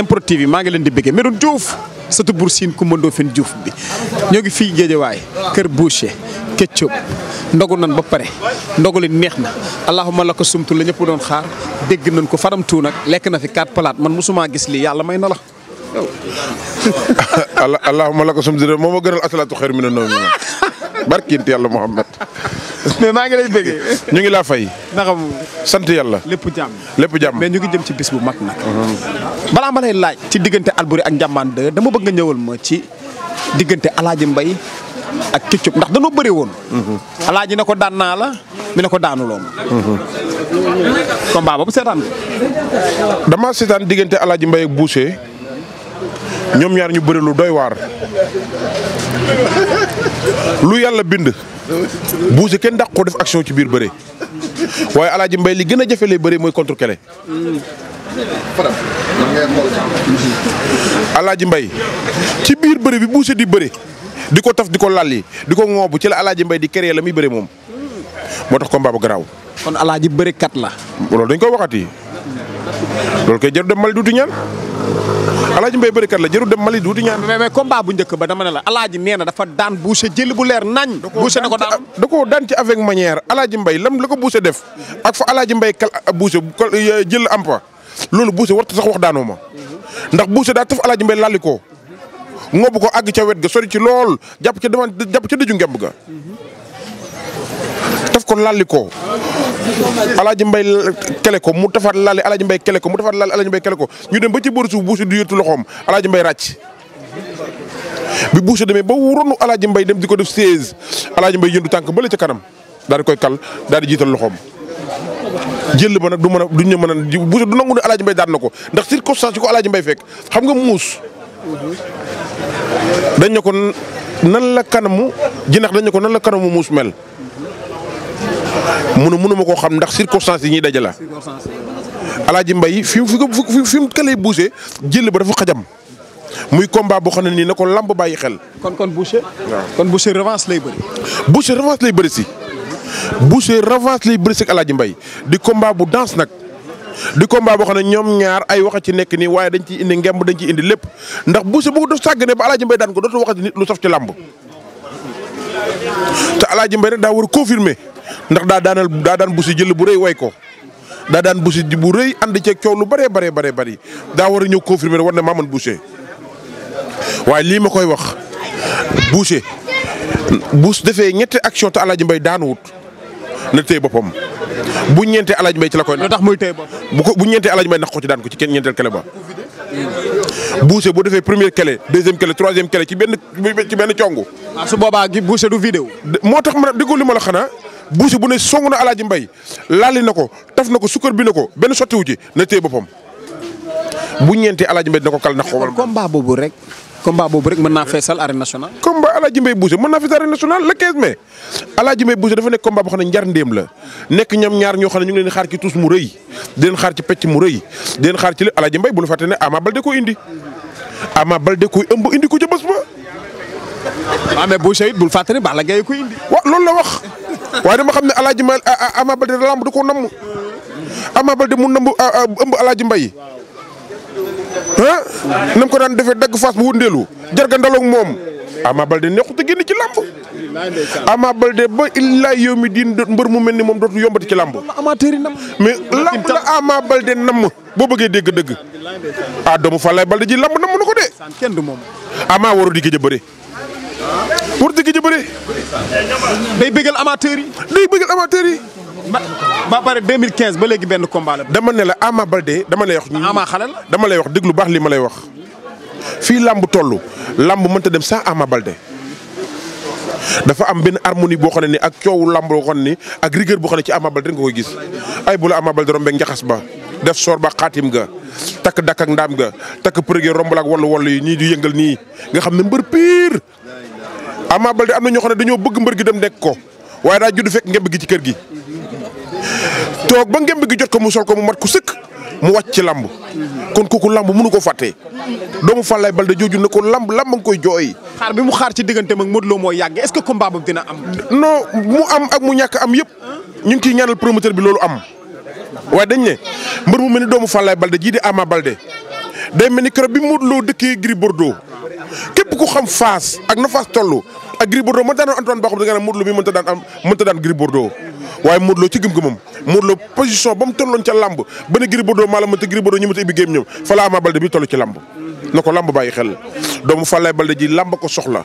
MPROD TV maa ngi leen di bëggee Medoune Diouf sëtu Bour Sine Coumba Ndoffène Diouf bi ñoo ngi fii Géejawaay kër Boucher Ketchup ndogu nan ba pare ndogu li neex na allahuma la ko sumtu la ñëpp doon xaar dégg nañ ko faram tuu nag lekk na fi quatre palaat man mosuma gis lii yàlla may na la. allahuma la ko sumtu moom moo gënal asalaatu xayr mi na noonu barkinti yàlla Muhammad mais maa ngi lay bëggee. ñu ngi laa fay. naka sant yàlla. lépp jàmm lépp jàmm. mais ñu ngi jëm ci bis bu mag nag. Mhm. balaa ma lay laaj. ci diggante Alboury ak Ndiambane 2 dama bëgg nga ñëwal ma ci diggante Alaaji Mbay ak Ketchup ndax danoo bëri woon. Mhm. Alaaji ne ko daan naa la mi na ko daanuloon. Mhm. combat bu seetaan dama seetaan diggante Alaaji Mbay ak buuse ñoom ñaar ñu bëri lu doy waar. lu yàlla bind buuse kenn dàq ko def action ci biir bëre waaye alaaji mbay li gën a jafe lay bëre mooy contre kele alaaji mbay ci biir bëre bi buuse di bëre di ko taf di ko lalli di ko ŋoobu ci la alaaji mbay di créer la muy bëre moom moo tax combat bu garaaw kon alaaji bëre kat la loolu dañ koy waxati loolu koy jër dem mali duuti ñaan alaaji mbay bërikat la jëru dem Mali wuti ñaan mais mais combat bu njëkk ba dama ne la alaaji nee na dafa daan buuse jël bu leer nañ buuse na ko daan da ko daan ci avec manière alaaji mbay lam la ko buuse def ak fa alaaji mbay kal euh, buuse euh, jël ampa loolu buuse warta sax wax daanoo ma ndax buuse daa taf alaaji mbay laali ko ngóob ko àgg ca wet ga sori ci lool jàpp ca demant jàpp ca dëju ngemb ga taf kon lalli ko alaaji mbay kele ko mu tafaat laale alaaji mbay kele mu tafaat laale alaaji mbay kele ñu dem ba ci bër suuf buusi du yëttu loxoom alaaji mbay ràcc bi buusi demee ba ronu alaaji mbay dem di ko def 16 alaaji mbay yëndu tànk bële ca kanam daal koy kal daal di jiital loxoom jël ba nag du mën a mën a buusi du nangu ne alaaji mbay daan na ko ndax circonstance yi ko alaaji mbay fekk xam nga muus dañ ne nan la kanamu jinax dañ ne ko nan la kanamu muus mel munu munuma koo xam ndax circonstances yi ñuy daje la. Alaaji Mbay fi mu fi mu këlee Boucher jël ba dafa xajam muy combat boo xam ne nii na ko lamb bàyyi xel. kon kon Boucher. kon Boucher revanche lay bëri. Boucher lay bëri si. Boucher revanche lay bëri si ak Alaaji Mbay di combat bu danse nag. di combat boo xam ne ñoom ñaar ay wax ci nekk nii waaye dañ ciy indi ngemb dañ ciy indi lépp ndax Boucher bu ko doon sàgganee ba Alaaji Mbay daan ko dootu waxati nit lu saf ci lamb te Alaaji Mbay rek daa war a confirmer ndax daa daanal daa daan bu si jël bu rëy way ko daa daan bu si bu rëy ànd ceeg coow lu bëree bëree bëree bëri daa war a ñëw confirmer war na maa mën waaye lii ma koy wax Boucher bu defee ñetti action te Aladji Mbaye daanu wut na téye boppam bu ñeentee Aladji Mbaye ci la koy. tax muy téye boppam bu ko bu ñeentee Aladji Mbaye na ko ci daan ko ci kenn ñeenteel kele ba. Boucher boo defee premier kele deuxième kele troisième kele ci benn ci benn congu. Ah, su boobaa gi Boucher du vidéo. moo tax ma ne déglu ma la xanaa. buusi bu ne songu na alaaji mbay laali na ko taf na ko sukkar bi na ko benn sottiwu ci na téye boppam bu ñeenti alaaji mbay dina ko kal na xobal combat boobu rek combat boobu rek mën naa feesal arène nationale combat alaaji mbay buusi mën naa feesal arène nationale le 15 mai alaaji mbay buusi dafa nekk combat boo xam ne njar ndéem la nekk ñoom ñaar ñoo xam ne ñu ngi leen xaar ci mu rëy di leen xaar ci pecc mu rëy di leen xaar ci lépp alaaji mbay bu ñu fàtte ne Ama Baldé ko indi Ama Baldé ko ëmb indi ko ca bés ba waaw ah, mais bu fàttali Balla Gaye ko la wax waaye dama xam ne El Hadj Ma ah, ah, Ama Baldé lamb da koo namm Ama Baldé mu namb ëmb El Hadj Mbaye ah nam ko daan defee dagg fas bu wëndeelu jarga ndaloog moom Ama Baldé neexut a génn ci lamb. Ama Baldé ba illaa yow mi diin mbër mu mel ni moom dootu yombati ci lamb. mais lamb la Ama Baldé namm boo bëggee dégg dëgg a doomu Falaye Baldé ji lamb namm na ko de. Ama waru di gëj bëre. politique yi ci bëri. day bëggal amateur yi. day bëggal amateur yi. ba pare 2015 ba benn combat la. dama ne la Ama dama lay wax. Ama xale la dama wax déglu baax li ma lay wax. fii làmb toll làmb mënta dem sans Ama Baldé dafa am benn harmonie boo xam ne ni ak coowu làmb boo xam ne ak rigueur boo xam ne ci Ama Baldé nga koy gis ay bu la Ama Baldé rombeeg njaxas ba def soor ba xaatim ga takk dakk ndaam ga takk përëgee rombal ak wallu wallu yi ñii di yëngal nii nga xam ne mbër pire Ama Baldé am na ñoo xam ne dañoo bëgg mbër gi dem nekk ko waaye daa judd fekk ngemb gi ci kër gi toog ba ngemb gi jot ko mu sol ko mu mat ku sëkk mu wàcc ci lamb kon kooku lamb mënu ko fàtte doomu Falaye Baldé jooju ne ko lamb lamb nga koy jooy. xaar bi mu xaar ci digganteem ak Modou Lo mooy yàgg est-ce que combat boobu am. non mu am ak mu ñàkk am yëpp ñu ngi ciy ñaanal promoteur bi loolu am waaye dañ ne mbër mu mel ni doomu Falaye Baldé jii di Ama balde day mel ni keroog bi Modou Lo dëkkee Gris Bordeaux képp ko xam Fass ak na Fass toll ak Gris Bordeaux man daanaka Antoine Bakhoum da nga ne Modou Lo mii mënta daan am mënta daan Gris Bordeaux waaye Modou Lo ci gëm-gëmam Modou Lo position ba mu tolloon ca lamb ba ne Gris Bordeaux la mënta Gris Bordeaux ñu mënta ibbi géem ñoom fa la Ama bi toll ci lamb na ko lamb bàyyi xel doomu Falaye Baldé ji lamb ko soxla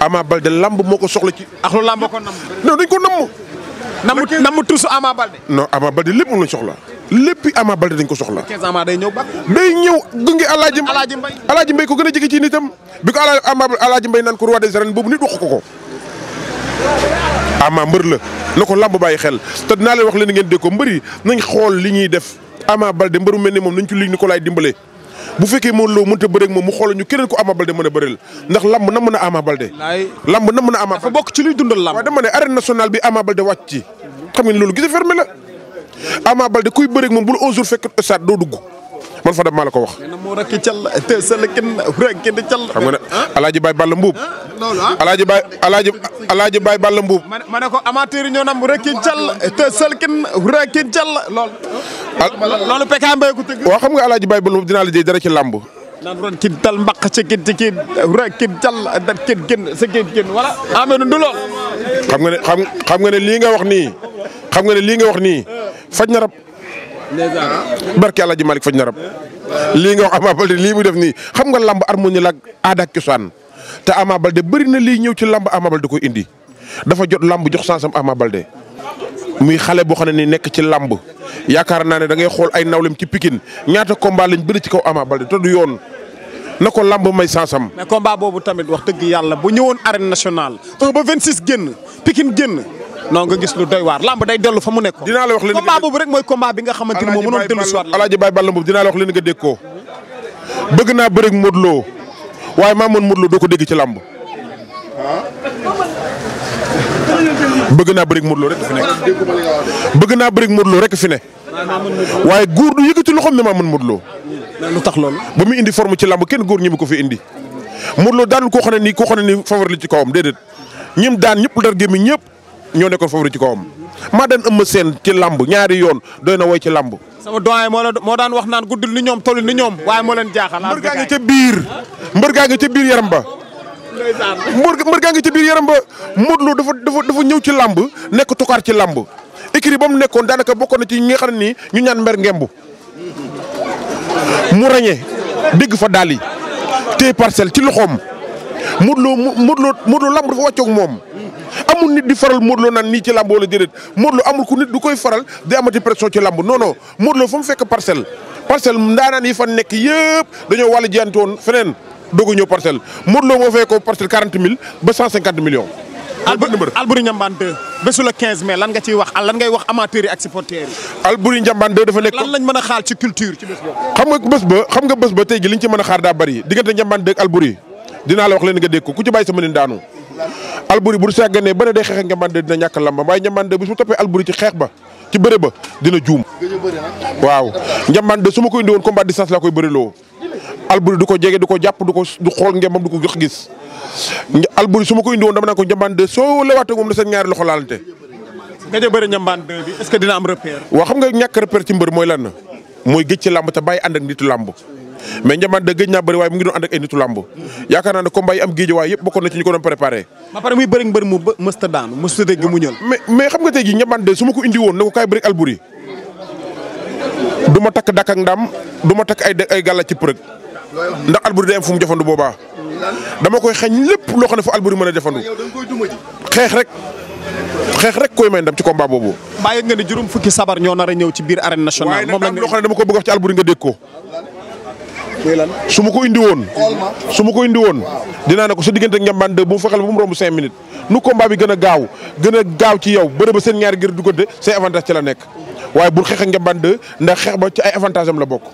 Ama Baldé lamb moo ko soxla ci. ak lu lamb ko namm. non dañ ko namm. namm tuusu Ama Baldé. non Ama Baldé lépp mu soxla. lépp amaa Baldé dañ ko soxla. 15 ans day ñëw ba. day ñëw gunge Alaaji. Alaaji Mbay Alaaji Mbay ko gën a jege ci nitam. bi ko Ama Alaaji Mbay naan ko roi des arènes boobu nit wax ko ko. Ama mbër la na ko làmb bàyyi xel te naa leen wax leen ngeen dégg ko mbër yi nañ xool li ñuy def Ama Baldé mbër mu mel ni moom nañ ci liñ ni ko laay dimbale. bu fekkee moom loo mënta bëreeg moom mu xool ñu keneen ko Ama Baldé mën a bëreel ndax lamb na mën a Ama Baldé. lamb na mën a amaa Baldé bokk ci luy dundal lamb. waaw dama ne arène nationale bi Ama Baldé wàcc ci xam loolu gis la Ama Baldé kuy bëreeg moom bul 11 jours fekk stade doo dugg man fa dem maa ko wax. moo rakki cal te sal kenn rakki di cal. xam nga ne Alaaji Baye Balla Mbuub. loolu ah Alaaji Baye Alaaji Alaaji Baye Balla Mbuub. ma ne ko amateur ñoo nam rakki cal te sal kenn rakki cal loolu. loolu Pekka Mbaye ku tëgg. waaw xam nga Alaaji Baye Balla Mbuub dinaa la jëy dara ci làmb. naan ron kin tal mbaq ci kin ci kin ra kin tal dat sa kin kin wala amee du lool xam nga ne xam xam nga ne lii nga wax nii xam ne lii nga wax nii faj na rab. barke El Hadj Malick faj na rab. lii nga wax Ama Baldé lii mu def nii xam nga lamb harmonie la ak aada ak cosaan te Ama de bëri na lii ñëw ci lamb Ama Baldé ko indi dafa jot lamb jox sansam Ama de muy xale boo xam ne ni nekk ci làmb yaakaar naa ne da ngay xool ay nawlem ci Pikine ñaata combat lañ bëri ci kaw Ama Baldé te du yoon na ko lamb may sansam mais combat boobu tamit wax dëgg yàlla boo ñëwoon arène national 1 ba 26 génn Pikine génn. non gis lu doy waar lamb day dellu fa mu nekk. dinaa la wax leen combat boobu rek mooy combat bi nga xamante ni moo mënoon dellu si la. Alaaji Baye dinaa la wax leen nga ko bëgg naa bëri Modou waaye maa mën Modou Lo doo ko dégg ci lamb. bëgg naa bëri Modou Lo rek fi naa bëri Modou Lo rek fi ne waaye góor du yëkkati loxoom ne maa mën Modou Lo. lu tax loolu. ba muy indi forme ci lamb kenn góor ñi ko fi indi. Modou Lo daanul koo xam ne nii koo xam ne nii favori li ci kawam déedéet ñim daan ñëpp dar gémmi ñëpp ñoo nekkoon favori ci kawam maa daan ëmm seen ci lamb ñaari yoon doy na woy ci lamb. sama doyen moo la moo daan wax naan guddul ni ñoom tollu ni ñoom waaye moo leen jaaxal. mbër gaa ngi ca biir mbër gaa ngi ca biir yaram ba. mbër mbër gaa ngi ca biir yaram ba Modou Lo dafa dafa dafa ñëw ci lamb nekk tukaar ci lamb écrit ba mu nekkoon daanaka bokkoon na ci ñi nga xam ne nii ñu ñaan mber ngembu mu ràññee dégg fa daal yi téye parcelle ci loxoom Modou Lo Modou Lo Modou Lo lamb dafa wàccoog moom. amul nit di faral Modou Lo naan nii ci làmb wala déedéet Modou Lo amul ku nit du koy faral day amati pression ci làmb non non Modou Lo fa mu fekk parcelle yi fa nekk yëpp dañoo wàll jiyante woon feneen doog a ñëw parcelle Modou Lo moo fay ko parcelle quarante mille ba cent cinquante millions. Alboury Ndiambane 2 bésu la 15 lan nga ciy wax lan ngay wax amateurs yi ak supporters yi. Alboury Ndiambane 2 dafa nekk. lan lañ a xaar ci culture ci a bari diggante Ndiambane 2 ak Alboury dinaa la wax leen nga dégg ku ci bàyyi daanu Alboury bu sàgganee ba ne day xeex ak Ndiambande dina ñàkk lambam waaye Ndiambande bu su toppee Alboury ci xeex ba ci bëre ba dina juum. waaw Ndiambande su ma koy indiwoon combat distance laa koy du ko jege du ko jàpp du ko du xool ngembam du ko jox gis Alboury su ma ko indiwoon dama naa ko Ndiambande soo leewaatee moom la seen ñaari loxo laalante. nga jël ce que dina am repère. waaw xam nga ñàkk repère ci mbër mooy lan mooy gëj ci làmb te bàyyi ànd ak nitu làmb mais Ndiambane de gëj naa bëri waaye mu ngi doon ànd ak ay nitu làmb yaakaar naa ne combat yi am géej waaye yëpp bokkoon na ci ñu ko doon préparé ba pare muy bëri mbër mu mësta daanu mësta dégg mu ñëw mais mais xam nga de su ma ko indi woon ko kaay bëri Albouri du takk dakk ndam du ma takk ay ay gàlla ci përëg ndax Albouri day am fu mu jafandu boobaa dama koy xañ lépp loo xam ne fu Albouri mën a jafandu xeex rek xeex rek koy may ndam ci combat boobu. bàyyi nga ni juróom fukki sabar ñoo nar a ñëw ci biir arène nationale. moom dama ko bëgg wax ci su ma ko indi woon su ko indi woon dinaa bu mu fexeel bu mu romb cinq minutes nu combat bi a gaaw gën a gaaw ci yow bëre ba seen ñaari ngir duggante say avantage ci la nekk waaye bu xeex ak njambaan de ndax xeex ba ci ay avantage la bokk.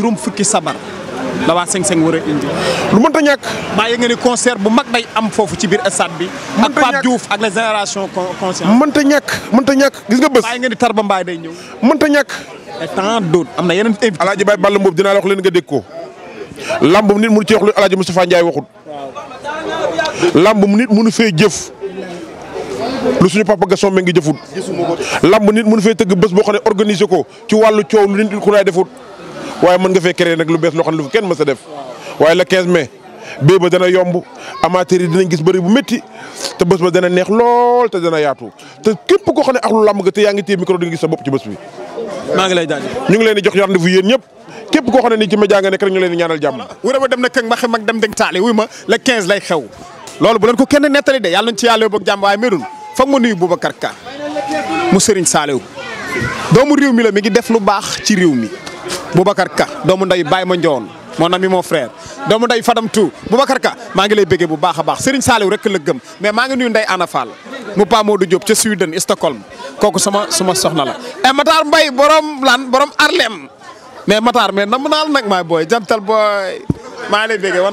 kon la waa Seng Seng gis nga bés. bàyyi nga ni Tarba Mbaye day ñëw. mënta ñàkk. tant d'autres am na yeneen. alaaji Baye Balla Mbuub dinaa la wax leen nga dégg ko lambum nit mënu ci wax lu alaaji Moustapha Ndiaye waxut lambum nit mënu fee jëf lu suñu papa Gaston mi ngi jëfut lamb nit munu fee tëgg bës boo xam ne organiser ko ci wàllu coow lu nit ku naay defut waaye mën nga fee créer nag lu bees loo xam ne lu kenn mës def waaye la 15 mais bée ba dana yomb amateur yi dinañ gis bari bu metti te bés ba dana neex lool te dana yaatu te képp koo xam ne ak lu làmb nga te yaa ci bés bi maa ngi lay daal ñu ngi leen di jox rendez-vous yéen ñëpp képp koo xam ne nii ci média nga nekk rek ñu leen di ñaanal jàmm wura ba dem na kën ma dem deng wuy ma le 15 lay xew loolu bu leen ko kenn nettali de yàlla nañ ci yàlla boog jàmm waaye medun foog ma nuyu Boubacar Ka mu Serigne Saliou doomu réew mi la mi ngi def lu baax ci réew mi Boubacar Ka doomu nday Baye ma njoon mon ami mon frère doomu nday Fadam Tou Boubacar Ka maa ngi lay béggee bu baax a baax Serigne Saliou rek la gëm mais maa ngi nuyu nday Ana mu Pa Modou Diop ca Sweden Stockholm kooku sama sama soxna la. et eh, Matar Mbaye borom lan borom Arlem mais Matar mais na naa naal nag may booy jantal booy maa lay déggee la.